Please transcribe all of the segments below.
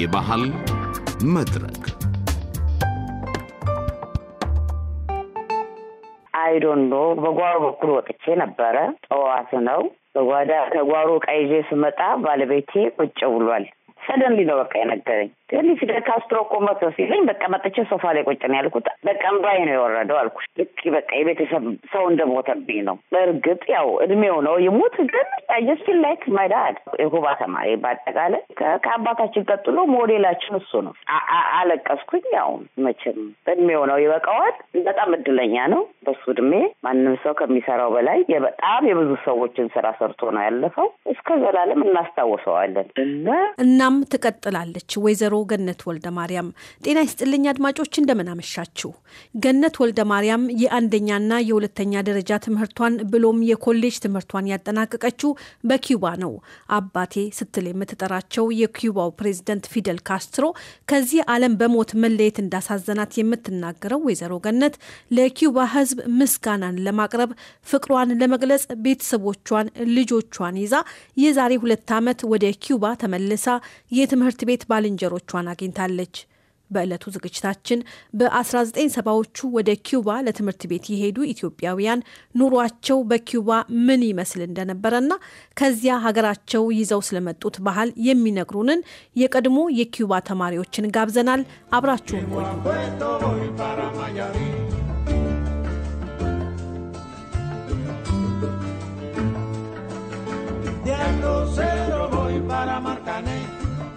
የባህል መድረክ አይዶንዶ በጓሮ በኩል ወጥቼ ነበረ። ጠዋት ነው። በጓዳ ከጓሮ ዕቃ ስመጣ ባለቤቴ ቁጭ ብሏል። ሰደን ነው በቃ የነገረኝ። ግን ፊደል ካስትሮ እኮ መቶ ሲለኝ በቃ መጥቼ ሶፋ ላይ ቁጭ ነው ያልኩት። በቃ እምባዬ ነው የወረደው አልኩ። ልክ በቃ የቤተሰብ ሰው እንደሞተብኝ ነው። በእርግጥ ያው እድሜው ነው ይሙት፣ ግን ጀስቲን ላይክ ማይዳድ የኩባ ተማሪ በአጠቃላይ ከአባታችን ቀጥሎ ሞዴላችን እሱ ነው። አለቀስኩኝ። ያው መቼም እድሜው ነው ይበቃዋል። በጣም እድለኛ ነው። በሱ እድሜ ማንም ሰው ከሚሰራው በላይ በጣም የብዙ ሰዎችን ስራ ሰርቶ ነው ያለፈው። እስከ ዘላለም እናስታውሰዋለን እና እናም ትቀጥላለች ወይዘሮ ገነት ወልደ ማርያም። ጤና ይስጥልኝ አድማጮች፣ እንደምናመሻችሁ። ገነት ወልደ ማርያም የአንደኛና የሁለተኛ ደረጃ ትምህርቷን ብሎም የኮሌጅ ትምህርቷን ያጠናቀቀችው በኪዩባ ነው። አባቴ ስትል የምትጠራቸው የኪዩባው ፕሬዚደንት ፊደል ካስትሮ ከዚህ ዓለም በሞት መለየት እንዳሳዘናት የምትናገረው ወይዘሮ ገነት ለኪዩባ ሕዝብ ምስጋናን ለማቅረብ ፍቅሯን ለመግለጽ ቤተሰቦቿን፣ ልጆቿን ይዛ የዛሬ ሁለት ዓመት ወደ ኪዩባ ተመልሳ የትምህርት ቤት ባልንጀሮች ተማሪዎቿን አግኝታለች። በዕለቱ ዝግጅታችን በ1970ዎቹ ወደ ኪዩባ ለትምህርት ቤት የሄዱ ኢትዮጵያውያን ኑሯቸው በኪዩባ ምን ይመስል እንደነበረና ከዚያ ሀገራቸው ይዘው ስለመጡት ባህል የሚነግሩንን የቀድሞ የኪዩባ ተማሪዎችን ጋብዘናል። አብራችሁን ቆዩ።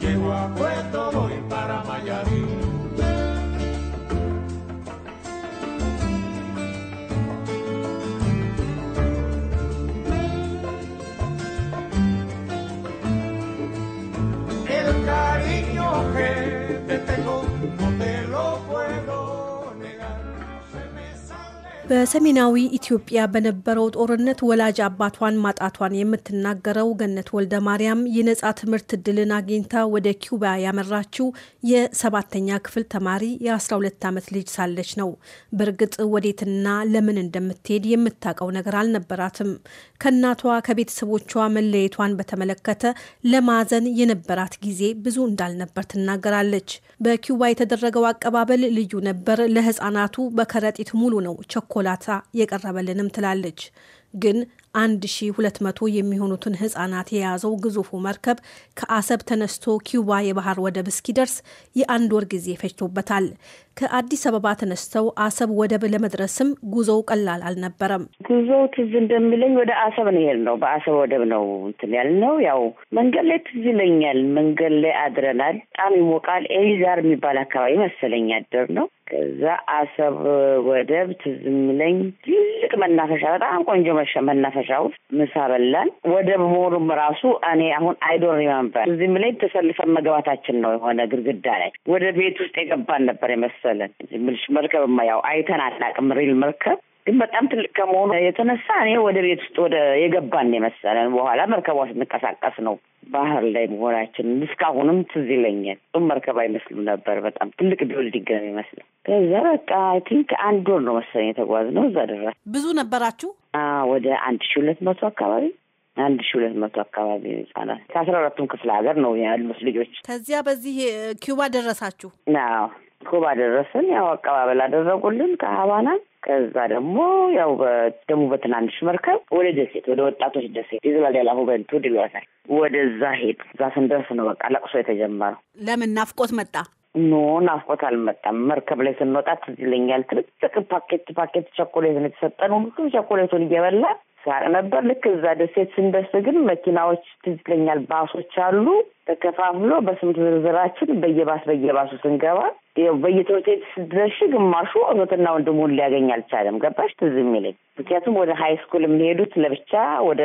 Llego a Puerto በሰሜናዊ ኢትዮጵያ በነበረው ጦርነት ወላጅ አባቷን ማጣቷን የምትናገረው ገነት ወልደ ማርያም የነጻ ትምህርት እድልን አግኝታ ወደ ኪውባ ያመራችው የሰባተኛ ክፍል ተማሪ የ12 ዓመት ልጅ ሳለች ነው። በእርግጥ ወዴትና ለምን እንደምትሄድ የምታውቀው ነገር አልነበራትም። ከእናቷ ከቤተሰቦቿ መለየቷን በተመለከተ ለማዘን የነበራት ጊዜ ብዙ እንዳልነበር ትናገራለች። በኪውባ የተደረገው አቀባበል ልዩ ነበር። ለህፃናቱ በከረጢት ሙሉ ነው። ኮላታ የቀረበልንም ትላለች። ግን 1200 የሚሆኑትን ህጻናት የያዘው ግዙፉ መርከብ ከአሰብ ተነስቶ ኪዩባ የባህር ወደብ እስኪደርስ የአንድ ወር ጊዜ ፈጅቶበታል። ከአዲስ አበባ ተነስተው አሰብ ወደብ ለመድረስም ጉዞው ቀላል አልነበረም። ጉዞው ትዝ እንደሚለኝ ወደ አሰብ ነው የሄድነው። በአሰብ ወደብ ነው እንትን ያልነው። ያው መንገድ ላይ ትዝ ይለኛል። መንገድ ላይ አድረናል። በጣም ይሞቃል። ኤሊዛር የሚባል አካባቢ መሰለኝ ያደር ነው። ከዛ አሰብ ወደብ ትዝ የሚለኝ ትልቅ መናፈሻ፣ በጣም ቆንጆ መናፈሻ ውስጥ ምሳ በላን። ወደብ መሆኑም ራሱ እኔ አሁን አይዶን ሪመምበር ትዝ የሚለኝ ተሰልፈን መግባታችን ነው። የሆነ ግድግዳ ላይ ወደ ቤት ውስጥ የገባን ነበር የመሰለኝ መሰለን የምልሽ መርከብ ያው አይተን አናውቅም ሪል መርከብ ግን በጣም ትልቅ ከመሆኑ የተነሳ እኔ ወደ ቤት ውስጥ ወደ የገባን የመሰለን በኋላ መርከቧ ስንቀሳቀስ ነው ባህር ላይ መሆናችን እስካሁንም ትዝ ይለኛል። እሱም መርከብ አይመስሉም ነበር። በጣም ትልቅ ቢልዲንግ ነው ይመስላል። ከዛ በቃ አይ ቲንክ አንድ ወር ነው መሰለኝ የተጓዝነው። እዛ ደረስ ብዙ ነበራችሁ? ወደ አንድ ሺ ሁለት መቶ አካባቢ አንድ ሺ ሁለት መቶ አካባቢ ህጻናት ከአስራ አራቱም ክፍለ ሀገር ነው ያሉት ልጆች። ከዚያ በዚህ ኪዩባ ደረሳችሁ? አዎ ኩባ ደረስን። ያው አቀባበል አደረጉልን ከሀባና ከዛ ደግሞ ያው ደግሞ በትናንሽ መርከብ ወደ ደሴት ወደ ወጣቶች ደሴት ኢዝላ ዴላ ሁቨንቱድ ይሏታል። ወደዛ ሄድ እዛ ስንደርስ ነው በቃ ለቅሶ የተጀመረው። ለምን ናፍቆት መጣ? ኖ ናፍቆት አልመጣም። መርከብ ላይ ስንወጣ ትዝ ይለኛል ትልቅ ፓኬት ፓኬት ቸኮሌት ነው የተሰጠን። ሁሉም ቸኮሌቱን እየበላ ሳቅ ነበር። ልክ እዛ ደሴት ስንደርስ ግን መኪናዎች ትዝ ይለኛል ባሶች አሉ ተከፋፍሎ በስምት ዝርዝራችን በየባስ በየባሱ ስንገባ በየትምህርት ስትደርሺ ግማሹ እህትና ወንድሙን ሊያገኝ አልቻለም። ገባሽ ትዝ የሚለኝ ምክንያቱም ወደ ሀይ ስኩል የሚሄዱት ለብቻ ወደ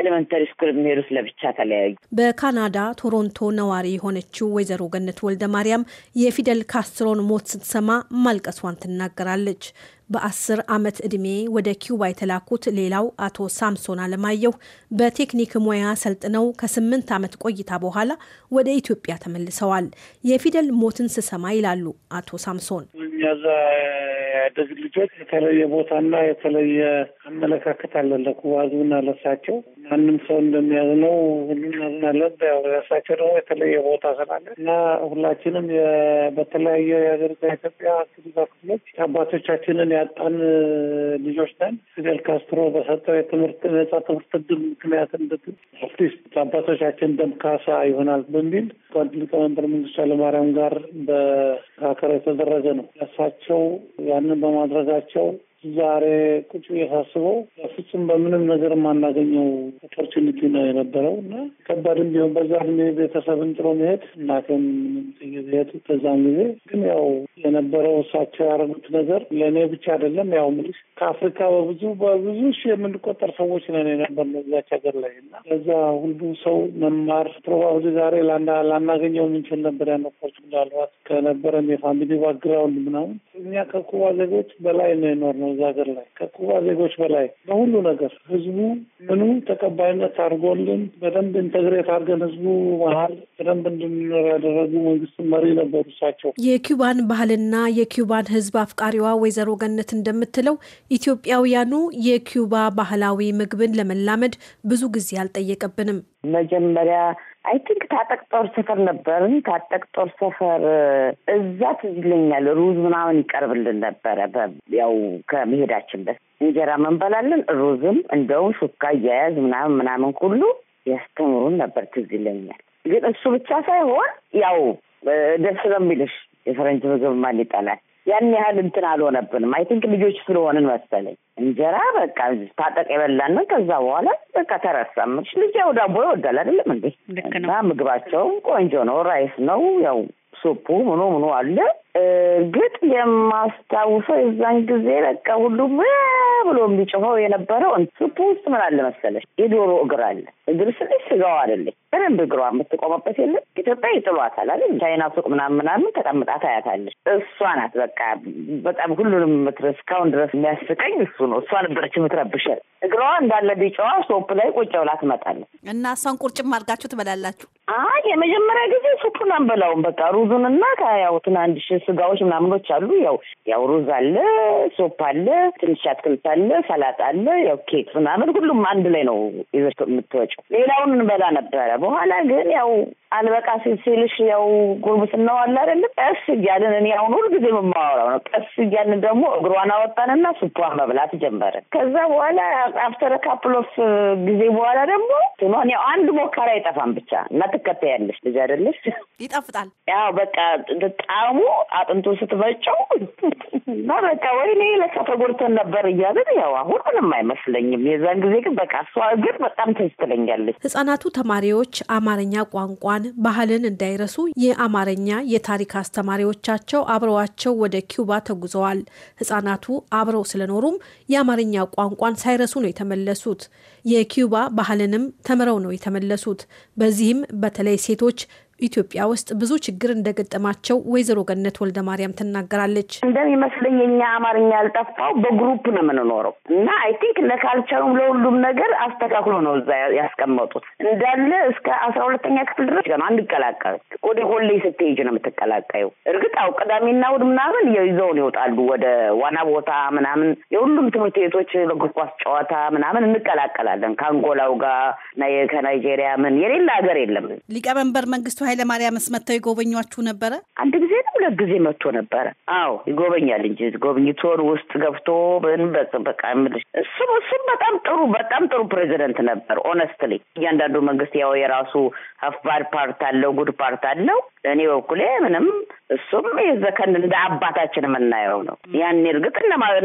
ኤሌመንተሪ ስኩል የሚሄዱት ለብቻ ተለያዩ። በካናዳ ቶሮንቶ ነዋሪ የሆነችው ወይዘሮ ገነት ወልደ ማርያም የፊደል ካስትሮን ሞት ስትሰማ ማልቀሷን ትናገራለች። በአስር ዓመት ዕድሜ ወደ ኪዩባ የተላኩት ሌላው አቶ ሳምሶን አለማየሁ በቴክኒክ ሙያ ሰልጥነው ከስምንት ዓመት ቆይታ በኋላ ወደ ኢትዮጵያ ተመልሰዋል። የፊደል ሞትን ስሰማ ይላሉ አቶ ሳምሶን እዛ ያደግ ልጆች የተለየ ቦታና የተለየ አመለካከት አለን ለኩባ ሕዝብና ለሳቸው ማንም ሰው እንደሚያዝነው ሁሉም ያዝናለን። የራሳቸው ደግሞ የተለየ ቦታ ስላለ እና ሁላችንም በተለያየ የሀገሪቷ ኢትዮጵያ ክልል ክፍሎች አባቶቻችንን ያጣን ልጆች ነን። ፊደል ካስትሮ በሰጠው የትምህርት ነጻ ትምህርት እድል ምክንያት አርቲስት አባቶቻችን ደም ካሳ ይሆናል በሚል ሊቀመንበር መንግስቱ ኃይለማርያም ጋር በካከር የተደረገ ነው። እሳቸው ያንን በማድረጋቸው ዛሬ ቁጭ የሳስበው ፍጹም በምንም ነገር የማናገኘው ኦፖርቹኒቲ ነው የነበረው እና ከባድም ቢሆን በዛ እድሜ ቤተሰብን ጥሎ መሄድ እናትን መሄድ በዛም ጊዜ ግን ያው የነበረው እሳቸው ያደረጉት ነገር ለእኔ ብቻ አይደለም። ያው ምልሽ ከአፍሪካ በብዙ በብዙ ሺ የምንቆጠር ሰዎች ነን የነበርነው እዛች ሀገር ላይ እና ለዛ ሁሉ ሰው መማር ፕሮባብሊ ዛሬ ላናገኘው ምንችል ነበር ያን ኦፖርቹኒቲ ምናልባት ከነበረን የፋሚሊ ባክግራውንድ ምናምን እኛ ከኩባ ዜጎች በላይ ነው የኖርነው እዛ ሀገር ላይ ከኩባ ዜጎች በላይ በሁሉ ነገር ህዝቡ ምኑ ተቀባይነት አድርጎልን በደንብ ኢንተግሬት አድርገን ህዝቡ መሀል በደንብ እንድንኖር ያደረጉ መንግስት መሪ ነበሩ እሳቸው። የኪዩባን ባህልና የኪውባን ህዝብ አፍቃሪዋ ወይዘሮ ገነት እንደምትለው ኢትዮጵያውያኑ የኪዩባ ባህላዊ ምግብን ለመላመድ ብዙ ጊዜ አልጠየቀብንም። መጀመሪያ አይ ቲንክ ታጠቅ ጦር ሰፈር ነበርን። ታጠቅ ጦር ሰፈር እዛ ትዝ ይለኛል ሩዝ ምናምን ይቀርብልን ነበረ። ያው ከመሄዳችን በስ እንጀራ መንበላለን ሩዝም እንደውም ሹካ እያያዝ ምናምን ምናምን ሁሉ ያስተምሩን ነበር። ትዝ ይለኛል። ግን እሱ ብቻ ሳይሆን ያው ደስ ነው የሚልሽ የፈረንጅ ምግብ ማን ይጠላል? ያን ያህል እንትን አልሆነብንም። አይ ቲንክ ልጆች ስለሆንን መሰለኝ እንጀራ በቃ ታጠቅ የበላንን ከዛ በኋላ በቃ ተረሳምች። ልጅ ያው ዳቦ ይወዳል አይደለም እንዴ? እና ምግባቸውም ቆንጆ ነው። ራይስ ነው ያው ሱፑ ምኖ ምኖ አለ። ግጥ የማስታውሰው የዛን ጊዜ በቃ ሁሉም ብሎ የሚጮኸው የነበረው ሱፑ ውስጥ ምን አለ መሰለሽ የዶሮ እግር አለ። እግር ስለሽ ስጋው አይደለች በደንብ እግሯ የምትቆመበት የለም። ኢትዮጵያ ይጥሏታል አለ ቻይና ሱቅ ምናምን ምናምን ተቀምጣ ታያታለች። እሷ ናት በቃ በጣም ሁሉንም የምትረስ እስካሁን ድረስ የሚያስቀኝ እሱ ነው። እሷ ነበረች የምትረብሸን። እግሯ እንዳለ ቢጫዋ ሶፕ ላይ ቁጭ ብላ ትመጣለች እና እሷን ቁርጭም አድርጋችሁ ትበላላችሁ። አይ የመጀመሪያ ጊዜ ሱፑን አንበላውም። በቃ ሩዙን እና ያው ትናንሽ ስጋዎች ምናምኖች አሉ። ያው ያው ሩዝ አለ፣ ሶፕ አለ፣ ትንሽ አትክልት አለ፣ ሰላጣ አለ፣ ያው ኬክ ምናምን ሁሉም አንድ ላይ ነው ይዘሽ የምትወጪው። ሌላውን እንበላ ነበረ በኋላ ግን ያው አልበቃ ሲልሽ ያው ጉርብትናው አለ አይደለም። ቀስ እያልን እኔ አሁን ጊዜ የምማወራው ነው። ቀስ እያልን ደግሞ እግሯን አወጣንና ሱፑን መብላት ጀመረ። ከዛ በኋላ አፍተር ካፕል ኦፍ ጊዜ በኋላ ደግሞ ሆን ያው አንድ ሞከራ አይጠፋም ብቻ እና ትከታያለሽ። ልጅ አይደለሽ ይጣፍጣል። ያው በቃ ጣዕሙ አጥንቱ ስትበጨው እና በቃ ወይኔ ለካ ተጎድተን ነበር እያልን ያው አሁን ምንም አይመስለኝም። የዛን ጊዜ ግን በቃ እሷ እግር በጣም ትዝ ትለኛለች። ህጻናቱ ተማሪዎች ልጆች አማርኛ ቋንቋን፣ ባህልን እንዳይረሱ የአማርኛ የታሪክ አስተማሪዎቻቸው አብረዋቸው ወደ ኪውባ ተጉዘዋል። ህጻናቱ አብረው ስለኖሩም የአማርኛ ቋንቋን ሳይረሱ ነው የተመለሱት። የኪውባ ባህልንም ተምረው ነው የተመለሱት። በዚህም በተለይ ሴቶች ኢትዮጵያ ውስጥ ብዙ ችግር እንደገጠማቸው ወይዘሮ ገነት ወልደ ማርያም ትናገራለች። እንደሚመስለኝ የኛ አማርኛ ያልጠፋው በግሩፕ ነው የምንኖረው እና አይ ቲንክ ለካልቸሩም ለሁሉም ነገር አስተካክሎ ነው እዛ ያስቀመጡት እንዳለ እስከ አስራ ሁለተኛ ክፍል ድረስ ገና አንቀላቀል ወደ ኮሌጅ ስትሄጅ ነው የምትቀላቀዩ። እርግጥ አው ቅዳሜና እሑድ ምናምን ይዘውን ይወጣሉ ወደ ዋና ቦታ ምናምን የሁሉም ትምህርት ቤቶች ለእግር ኳስ ጨዋታ ምናምን እንቀላቀላለን ከአንጎላው ጋር ከናይጄሪያ ምን የሌላ ሀገር የለም ሊቀመንበር መንግስት ኃይለማርያምስ መጥተው የጎበኟችሁ ነበረ? አንድ ጊዜ ነው ሁለት ጊዜ መጥቶ ነበረ። አዎ ይጎበኛል እንጂ ጎብኝቶን ውስጥ ገብቶ ምን በቃ የምልሽ እሱም እሱም በጣም ጥሩ በጣም ጥሩ ፕሬዚደንት ነበር። ኦነስትሊ እያንዳንዱ መንግስት ያው የራሱ ባድ ፓርት አለው፣ ጉድ ፓርት አለው። እኔ በኩሌ ምንም እሱም የዘከን እንደ አባታችን የምናየው ነው። ያን እርግጥ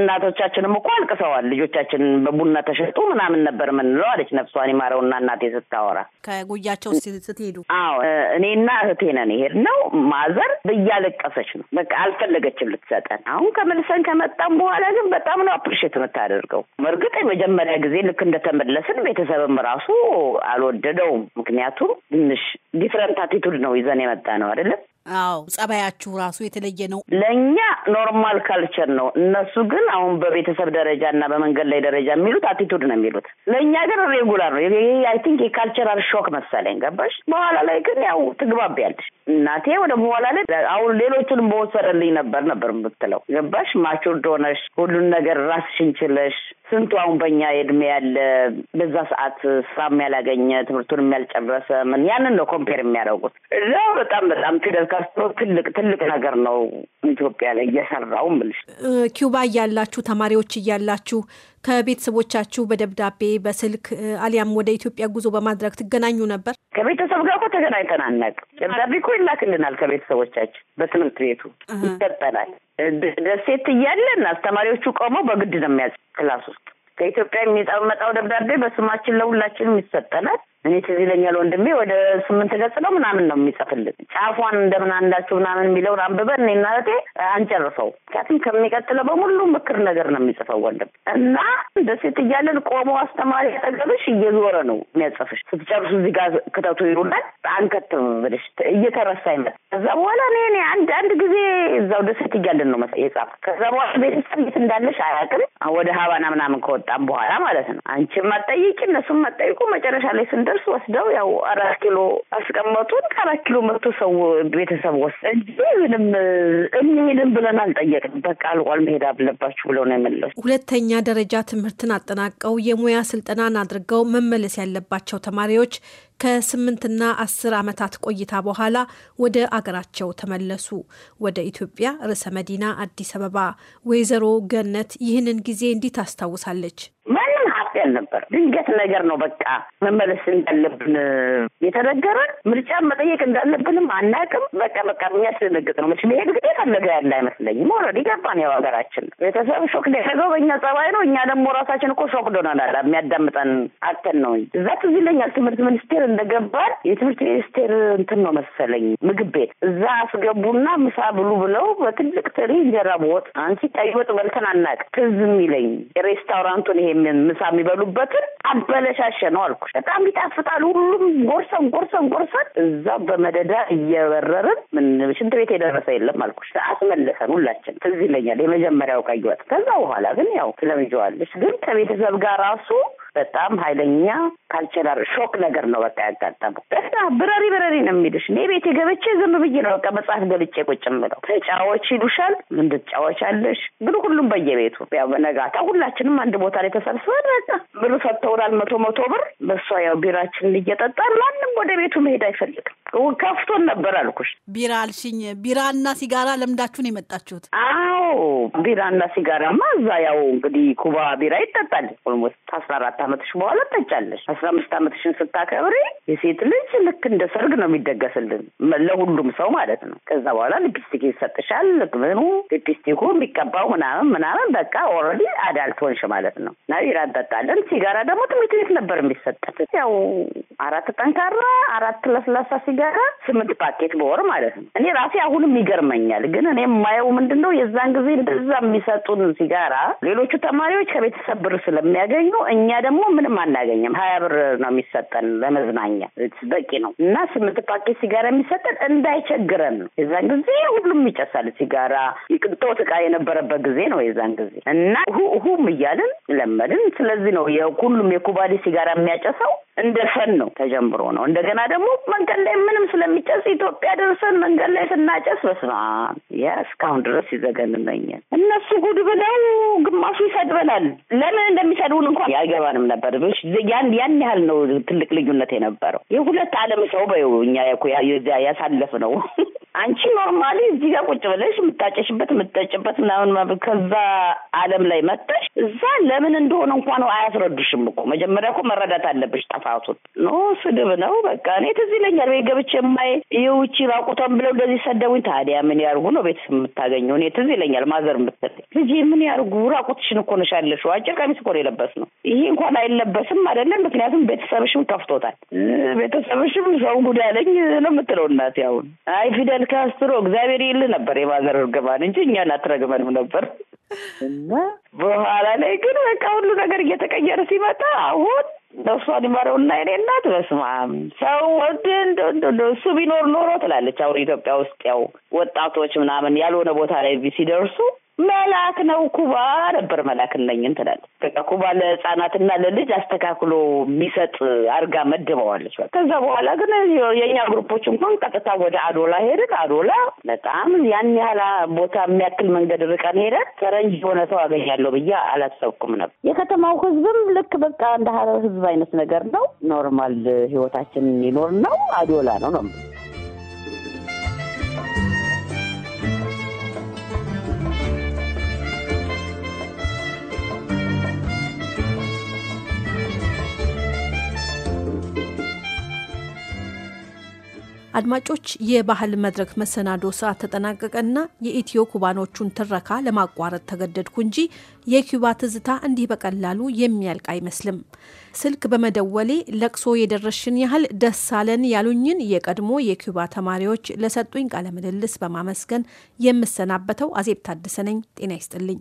እናቶቻችንም እኮ አልቅሰዋል። ልጆቻችን በቡና ተሸጡ ምናምን ነበር የምንለው አለች ነፍሷን ይማረውና እናቴ ስታወራ ከጉያቸው ስትሄዱ። አዎ እኔና እህቴ ነን የሄድነው ማዘር ብያለቀ እየጻፈች ነው። በቃ አልፈለገችም ልትሰጠን። አሁን ከመልሰን ከመጣም በኋላ ግን በጣም ነው አፕሪሽት የምታደርገው። እርግጥ የመጀመሪያ ጊዜ ልክ እንደተመለስን ቤተሰብም ራሱ አልወደደውም። ምክንያቱም ትንሽ ዲፍረንት አቲቱድ ነው ይዘን የመጣ ነው አይደለም አዎ ጸባያችሁ ራሱ የተለየ ነው። ለእኛ ኖርማል ካልቸር ነው። እነሱ ግን አሁን በቤተሰብ ደረጃ እና በመንገድ ላይ ደረጃ የሚሉት አቲቱድ ነው የሚሉት። ለእኛ ግን ሬጉላር ነው። ይሄ አይ ቲንክ የካልቸራል ሾክ መሰለኝ ገባሽ። በኋላ ላይ ግን ያው ትግባቢያለሽ። እናቴ ወደ በኋላ ላይ አሁን ሌሎቹንም በወሰደልኝ ነበር ነበር የምትለው ገባሽ። ማቹር ዶነሽ ሁሉን ነገር ራስሽን ችለሽ ስንቱ አሁን በእኛ እድሜ ያለ በዛ ሰዓት ስራም ያላገኘ ትምህርቱን ያልጨረሰ ምን ያንን ነው ኮምፔር የሚያደርጉት እዛ በጣም በጣም ፊደል ደርሶ ትልቅ ትልቅ ነገር ነው ኢትዮጵያ ላይ እየሰራው ምልሽ ኪውባ እያላችሁ ተማሪዎች እያላችሁ ከቤተሰቦቻችሁ በደብዳቤ በስልክ አሊያም ወደ ኢትዮጵያ ጉዞ በማድረግ ትገናኙ ነበር? ከቤተሰብ ጋር እኮ ተገናኝተን አናውቅም። ደብዳቤ እኮ ይላክልናል ከቤተሰቦቻችን በትምህርት ቤቱ ይሰጠናል። ደሴት እያለን አስተማሪዎቹ ቆመው በግድ ነው የሚያጽ ክላስ ውስጥ ከኢትዮጵያ የሚመጣው ደብዳቤ በስማችን ለሁላችንም ይሰጠናል። እኔ ትዝ ይለኛል ወንድሜ ወደ ስምንት ገጽ ነው ምናምን ነው የሚጽፍልን። ጫፏን እንደምን አንዳችሁ ምናምን የሚለውን አንብበን እኔና እህቴ አንጨርሰው። ምክንያቱም ከሚቀጥለው በሙሉ ምክር ነገር ነው የሚጽፈው ወንድም እና ደሴት እያለን ቆመው አስተማሪ አጠገብሽ እየዞረ ነው የሚያጽፍሽ። ስትጨርሱ እዚህ ጋር ክተቱ ይሉናል። አንከትም ብልሽት እየተረሳ ይመጣ። ከዛ በኋላ እኔ እኔ አንድ አንድ ጊዜ እዛው ደሴት እያለን ነው የጻፍ። ከዛ በኋላ ቤተሰብ የት እንዳለሽ አያውቅም። ወደ ሀባና ምናምን ከወጣም በኋላ ማለት ነው። አንቺም አትጠይቂ እነሱም አትጠይቁ። መጨረሻ ላይ ስንደርስ ወስደው ያው አራት ኪሎ አስቀመጡን። ከአራት ኪሎ መቶ ሰው ቤተሰብ ወስደ እንጂ ምንም እንሄድም ብለን አልጠየቅንም። በቃ አልቋል መሄድ አለባችሁ ብለው ነው የመለሱ። ሁለተኛ ደረጃ ትምህርትን አጠናቀው የሙያ ስልጠናን አድርገው መመለስ ያለባቸው ተማሪዎች ከስምንትና አስር ዓመታት ቆይታ በኋላ ወደ አገራቸው ተመለሱ። ወደ ኢትዮጵያ ርዕሰ መዲና አዲስ አበባ ወይዘሮ ገነት ይህንን ጊዜ እንዲህ ታስታውሳለች። ምንም አስቤያል ነበር። ድንገት ነገር ነው በቃ መመለስ እንዳለብን የተነገረን። ምርጫ መጠየቅ እንዳለብንም አናቅም። በቃ በቃ የሚያስደነግጥ ነው። መች ይሄ ግዴታ ፈለገ ያለ አይመስለኝም። ኦልሬዲ ገባን። ያው ሀገራችን ቤተሰብ ሾክ ሊያደርገው በእኛ ጸባይ ነው። እኛ ደግሞ ራሳችን እኮ ሾክ ዶናል የሚያዳምጠን አተን ነው እዛ ትዝ ይለኛል ትምህርት ሚኒስቴር እንደገባን የትምህርት ሚኒስቴር እንትን ነው መሰለኝ ምግብ ቤት እዛ አስገቡና ምሳ ብሉ ብለው በትልቅ ትሪ እንጀራ በወጥ አንቺ ቀይ ወጥ በልተን አናውቅም። ትዝ የሚለኝ የሬስታውራንቱን ይሄ ምሳ የሚበሉበትን አበለሻሸ ነው አልኩ። በጣም ይጣፍጣል። ሁሉም ጎርሰን ጎርሰን ጎርሰን እዛ በመደዳ እየበረርን ምን ሽንት ቤት የደረሰ የለም አልኩሽ። አስመለሰን ሁላችን። ትዝ ይለኛል የመጀመሪያው ቀይ ወጥ። ከዛ በኋላ ግን ያው ስለምንጀዋለሽ ግን ከቤተሰብ ጋር ራሱ በጣም ኃይለኛ ካልቸራል ሾክ ነገር ነው በቃ ያጋጠመው። በቃ ብረሪ ብረሪ ነው የሚልሽ። እኔ ቤቴ ገብቼ ዝም ብዬ ነው በቃ መጽሐፍ ገልጬ ቁጭ ምለው። ተጫዎች ይሉሻል። ምን ትጫወቻለሽ? ግን ሁሉም በየቤቱ ያው በነጋታ ሁላችንም አንድ ቦታ ላይ ተሰብስበን በቃ ብሉ ሰጥተውናል። መቶ መቶ ብር በእሷ ያው ቢራችንን እየጠጣን ማንም ወደ ቤቱ መሄድ አይፈልግም። ከፍቶን ነበር አልኩሽ። ቢራ አልሽኝ። ቢራና ሲጋራ ለምዳችሁ ነው የመጣችሁት? አዎ ቢራና ሲጋራማ እዛ ያው እንግዲህ ኩባ ቢራ ይጠጣል ኦልሞስት አስራ አራት አመትሽ በኋላ ታጫለሽ። አስራ አምስት አመትሽን ስታከብሪ የሴት ልጅ ልክ እንደ ሰርግ ነው የሚደገስልን ለሁሉም ሰው ማለት ነው። ከዛ በኋላ ሊፕስቲክ ይሰጥሻል። ምኑ ሊፕስቲኩ የሚቀባው ምናምን ምናምን በቃ ኦልሬዲ አዳልት ሆንሽ ማለት ነው። እና ቢራ እንጠጣለን። ሲጋራ ደግሞ ትምህርት ቤት ነበር የሚሰጠት ያው አራት ጠንካራ አራት ለስላሳ ሲጋራ ስምንት ፓኬት በወር ማለት ነው። እኔ ራሴ አሁንም ይገርመኛል። ግን እኔ የማየው ምንድን ነው የዛን ጊዜ እንደዛ የሚሰጡን ሲጋራ ሌሎቹ ተማሪዎች ከቤተሰብ ብር ስለሚያገኙ እኛ ደግሞ ምንም አናገኝም። ሀያ ብር ነው የሚሰጠን ለመዝናኛ በቂ ነው እና ስምንት ፓኬት ሲጋራ የሚሰጠን እንዳይቸግረን ነው። የዛን ጊዜ ሁሉም ይጨሳል ሲጋራ ቅጦት እቃ የነበረበት ጊዜ ነው የዛን ጊዜ እና ሁም እያልን ለመድን። ስለዚህ ነው ሁሉም የኩባሊ ሲጋራ የሚያጨሰው እንደ ፈን ነው ተጀምሮ ነው። እንደገና ደግሞ መንገድ ላይ ምንም ስለሚጨስ ኢትዮጵያ ደርሰን መንገድ ላይ ስናጨስ በስማ ያ እስካሁን ድረስ ይዘገንነኛል። እነሱ ጉድ ብለው ግማሹ ይሰድበናል። ለምን እንደሚሰድቡን እንኳን አይገባንም ነበር። ያን ያን ያህል ነው ትልቅ ልዩነት የነበረው። የሁለት ዓለም ሰው በይው እኛ ያሳለፍ ነው። አንቺ ኖርማሊ እዚህ ጋር ቁጭ ብለሽ የምታጨሽበት የምትጠጭበት ምናምን ከዛ አለም ላይ መጥተሽ እዛ ለምን እንደሆነ እንኳን አያስረዱሽም እኮ መጀመሪያ እኮ መረዳት አለብሽ ጠፋ ጥፋቱን ኖ ስድብ ነው። በቃ እኔ ትዝ ይለኛል ቤት ገብቼ የማይ ይውቺ ራቁቷን ብለው እንደዚህ ሰደቡኝ። ታዲያ ምን ያርጉ ነው ቤተሰብ የምታገኘው? እኔ ትዝ ይለኛል ማዘር ምትል ልጅ ምን ያርጉ ራቁትሽን እኮ ነሽ ያለሽው አጭር ቀሚስ እኮ ነው ይሄ እንኳን አይለበስም አይደለም ምክንያቱም ቤተሰብሽም ከፍቶታል። ቤተሰብሽም ሰው ጉድ ያለኝ ነው የምትለው እናት ያሁን አይ ፊደል ካስትሮ እግዚአብሔር ይልህ ነበር የማዘር እርግማን እንጂ እኛን አትረግመንም ነበር። እና በኋላ ላይ ግን በቃ ሁሉ ነገር እየተቀየረ ሲመጣ አሁን እሷ ዲማሪያውና የኔ እናት በስመ ሰው ወድ እሱ ቢኖር ኖሮ ትላለች። አሁን ኢትዮጵያ ውስጥ ያው ወጣቶች ምናምን ያልሆነ ቦታ ላይ ሲደርሱ መላክ ነው ኩባ ነበር መላክ ነኝ ትላል። በቃ ኩባ ለህጻናትና ለልጅ አስተካክሎ የሚሰጥ አድርጋ መድበዋለች። ከዛ በኋላ ግን የእኛ ግሩፖች እንኳን ቀጥታ ወደ አዶላ ሄድን። አዶላ በጣም ያን ያህል ቦታ የሚያክል መንገድ ርቀን ሄደን ፈረንጅ የሆነ ሰው አገኛለሁ ብዬ አላሰብኩም ነበር። የከተማው ህዝብም ልክ በቃ እንደ ሀረር ህዝብ አይነት ነገር ነው። ኖርማል ህይወታችን ይኖር ነው። አዶላ ነው ነው አድማጮች፣ የባህል መድረክ መሰናዶ ሰዓት ተጠናቀቀና የኢትዮ ኩባኖቹን ትረካ ለማቋረጥ ተገደድኩ እንጂ የኪዩባ ትዝታ እንዲህ በቀላሉ የሚያልቅ አይመስልም። ስልክ በመደወሌ ለቅሶ የደረሽን ያህል ደስ አለን ያሉኝን የቀድሞ የኪዩባ ተማሪዎች ለሰጡኝ ቃለ ምልልስ በማመስገን የምሰናበተው አዜብ ታደሰ ነኝ። ጤና ይስጥልኝ።